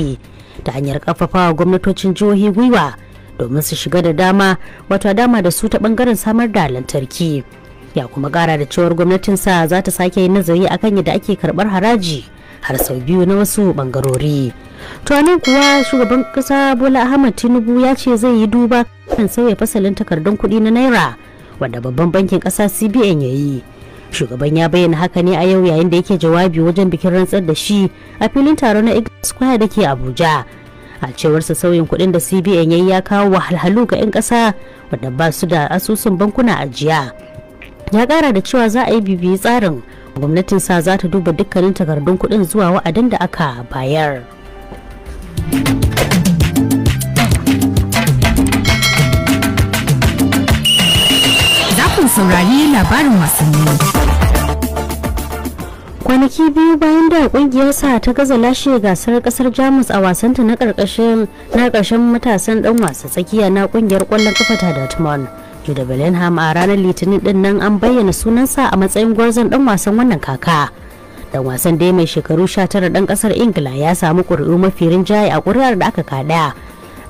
yaƙi e, ta hanyar ƙarfafawa gwamnatocin jihohi gwiwa domin su shiga da dama wato dama da su ta ɓangaren samar da lantarki ya kuma ƙara da cewar gwamnatinsa za ta sake yin nazari akan yadda ake karɓar haraji har sau biyu na wasu ɓangarori to nan kuwa shugaban ƙasa bola ahmad tinubu ya ce zai yi duba kan sauya fasalin takardun kuɗi na naira wanda babban bankin ƙasa cbn ya yi shugaban ya bayyana haka ne a yau yayin da yake jawabi wajen bikin rantsar da shi a filin taro na igor square da ke abuja a cewarsa sauyin kuɗin da cbn ya ya kawo wahalhalu ga 'yan ƙasa wadda ba su da asusun bankuna a jiya ya ƙara da cewa za a yi bibiyi tsarin gwamnatin sa za ta duba dukkanin takardun kuɗin zuwa wa'adin da aka bayar. saurari labarin wasanni. kwanaki biyu bayan da sa ta gaza lashe gasar kasar jamus a wasanta na karkashin na karshen matasan dan wasa tsakiya na kungiyar kwallon kafa ta dortmund jude bellingham a ranar litinin din nan an bayyana sunansa a matsayin gwarzon dan wasan wannan kaka dan wasan dai mai shekaru 19 dan kasar ingila ya samu kuri'u mafi rinjaye a ƙuri'ar da aka kada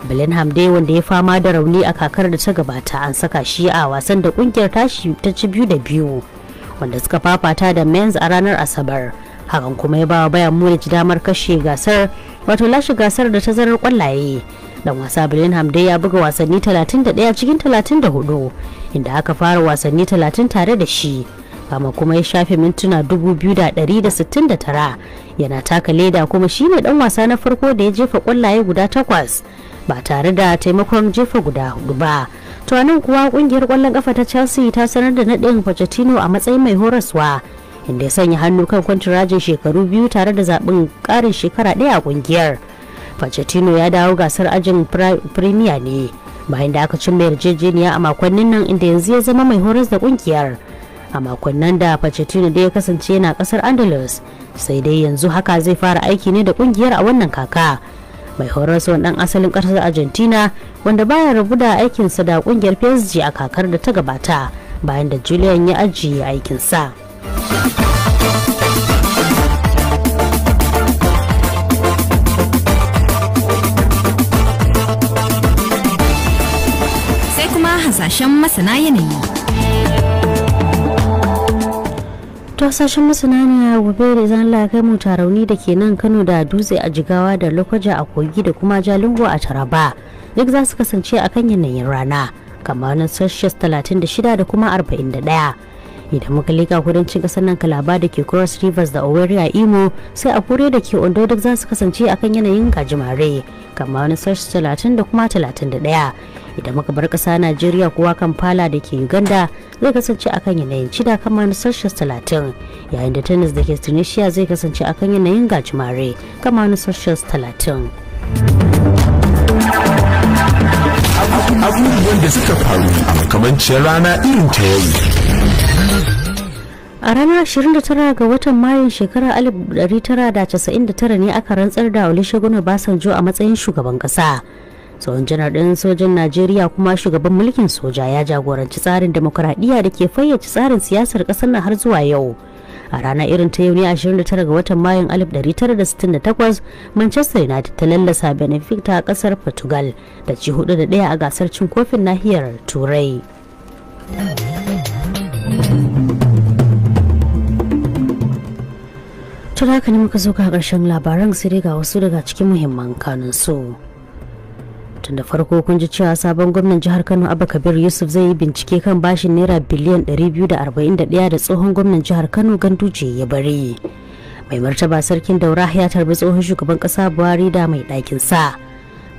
Bellingham dai wanda ya fama da rauni a kakar da ta gabata an saka shi a wasan da kungiyar tashi ta ci biyu da biyu wanda suka fafata da Mainz a ranar Asabar. Hakan kuma ya bawa bayan Munich damar kashe gasar wato lashe gasar da ta zarar kwallaye. Dan wasa Bellingham dai ya buga wasanni 31 cikin 34 inda aka fara wasanni 30 tare da shi. kama kuma ya shafe mintuna 2,169 yana taka leda kuma shine dan wasa na farko da ya jefa kwallaye guda takwas ba tare da taimakon jefa guda hudu ba to nan kuwa kungiyar kwallon kafa ta chelsea ta sanar da naɗin pochettino a matsayin mai horaswa inda ya sanya hannu kan kwantirajin shekaru biyu tare da zaɓen ƙarin shekara ɗaya a kungiyar pochettino ya dawo gasar ajin premier ne bayan da aka cimma yarjejeniya a makonnin nan inda yanzu ya zama mai horas da kungiyar a makonnan da Pochettino da ya kasance yana kasar Andalus sai dai yanzu haka zai fara aiki ne da kungiyar a wannan kaka mai horar su dan asalin kasar argentina wanda baya rabu da aikinsa da kungiyar psg a kakar da ta gabata bayan da julian ya ajiye aikinsa sai kuma hasashen masana yanayi to sashen masana ne gobe da zan Allah kai mu tarauni da ke nan Kano da Dutse a Jigawa da lokaja a Kogi da kuma Jalingo a Taraba duk za su kasance a kan yanayin rana kamar na Celsius 36 da kuma arba'in da 41 idan muka leka kudancin kasar nan kalaba da ke cross rivers da oweri a imo sai a kure da ke ondo duk za su kasance akan yanayin gajimare kama wani sashi talatin da kuma 31 idan muka bar kasa najeriya kuwa kampala da ke uganda zai kasance akan yanayin cida kamar wani sashi 30 yayin da tennis da ke tunisia zai kasance akan yanayin gajimare kamar wani sashi 30 abubuwan da suka faru a makamanciyar rana irin ta yau a ranar 29 ga watan mayun shekarar 1999 ne aka rantsar da olusegun obasanjo a matsayin shugaban kasa tsohon janar ɗin sojan najeriya kuma shugaban mulkin soja ya jagoranci tsarin demokuraɗiyya da ke fayyace tsarin siyasar ƙasar nan har zuwa yau a rana irin ta yau ne 29 ga watan mayun 1968 manchester united ta lallasa benfica a kasar portugal da ci hudu da daya a gasar cin kofin nahiyar turai tun haka ne muka zo ga ƙarshen labaran sai dai ga wasu daga cikin muhimman kanun su tun da farko kun ji cewa sabon gwamnan jihar kano abba kabir yusuf zai yi bincike kan bashin naira biliyan 241 da tsohon gwamnan jihar kano ganduje ya bari mai martaba sarkin daura ya tarbi tsohon shugaban kasa buhari da mai ɗakin sa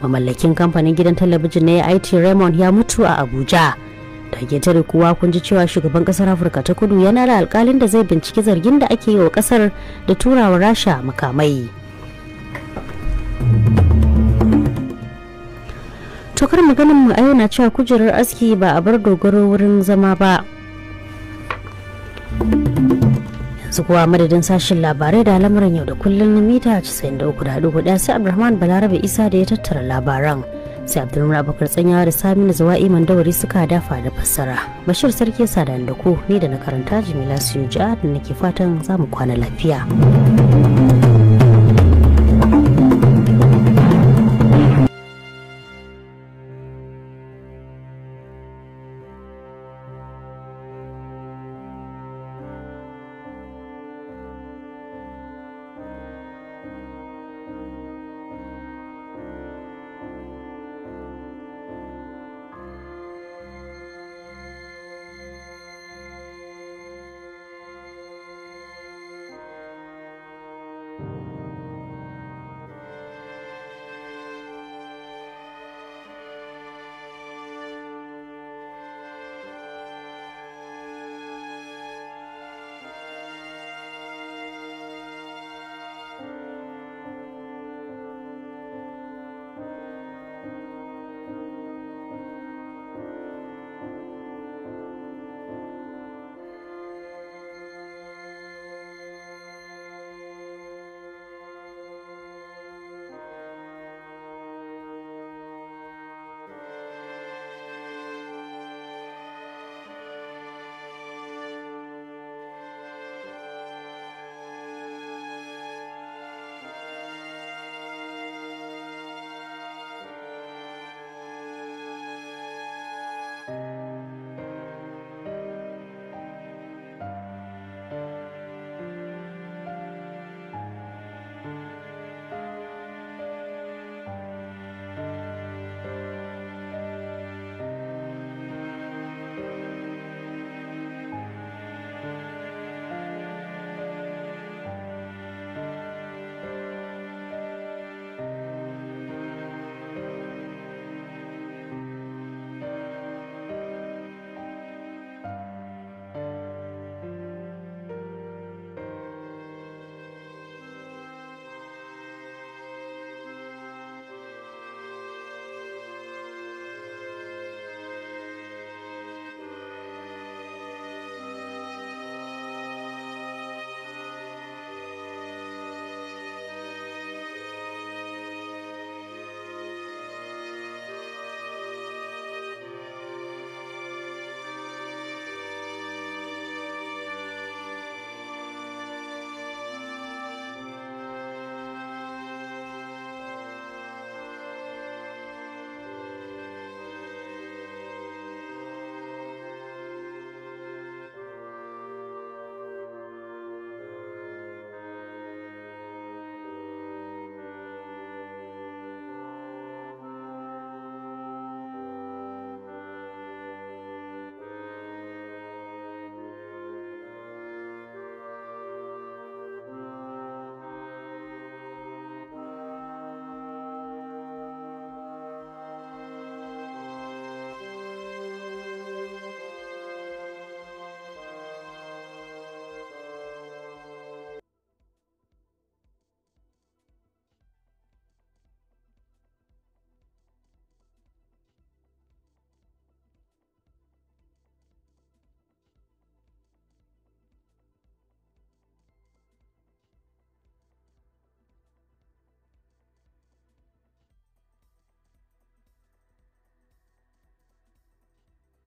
mamallakin kamfanin gidan talabijin na it raymond ya mutu a abuja take tare kowa kun ji cewa shugaban kasar afirka ta kudu yana da alkalin da zai binciki zargin da ake yi wa kasar da turawa rasha makamai tokar maganin mu a na cewa kujerar aski ba a bar dogaro wurin zama ba yanzu kuwa madadin sashen labarai da lamarin yau da kullum na mita 93.1 sai abdulrahman balarabe isa da ya tattara labaran sai abdulrahman abubakar tsanya da sami na saminu iman mandawari suka dafa da fassara bashir sarki yasa da ku ne da na karanta jimila su da nake fatan za mu kwana lafiya.